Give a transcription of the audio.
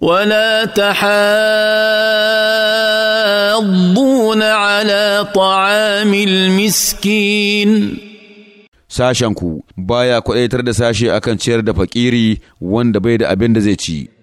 ولا تحاضون على طعام المسكين sashenku baya kwaɗaitar da sashe akan ciyar da fakiri wanda bai da abin da zai ci